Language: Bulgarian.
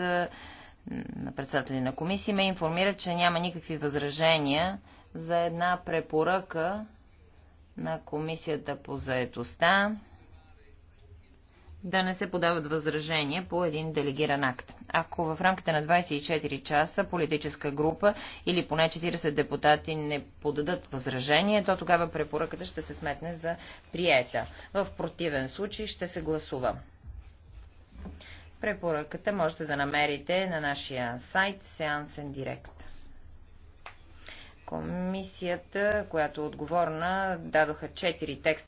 Е, на председатели на комисии ме информира, че няма никакви възражения за една препоръка на комисията по заетостта да не се подават възражения по един делегиран акт. Ако в рамките на 24 часа политическа група или поне 40 депутати не подадат възражение, то тогава препоръката ще се сметне за приета. В противен случай ще се гласува. Препоръката можете да намерите на нашия сайт Seansen Direct. Комисията, която е отговорна, дадоха 4 текста.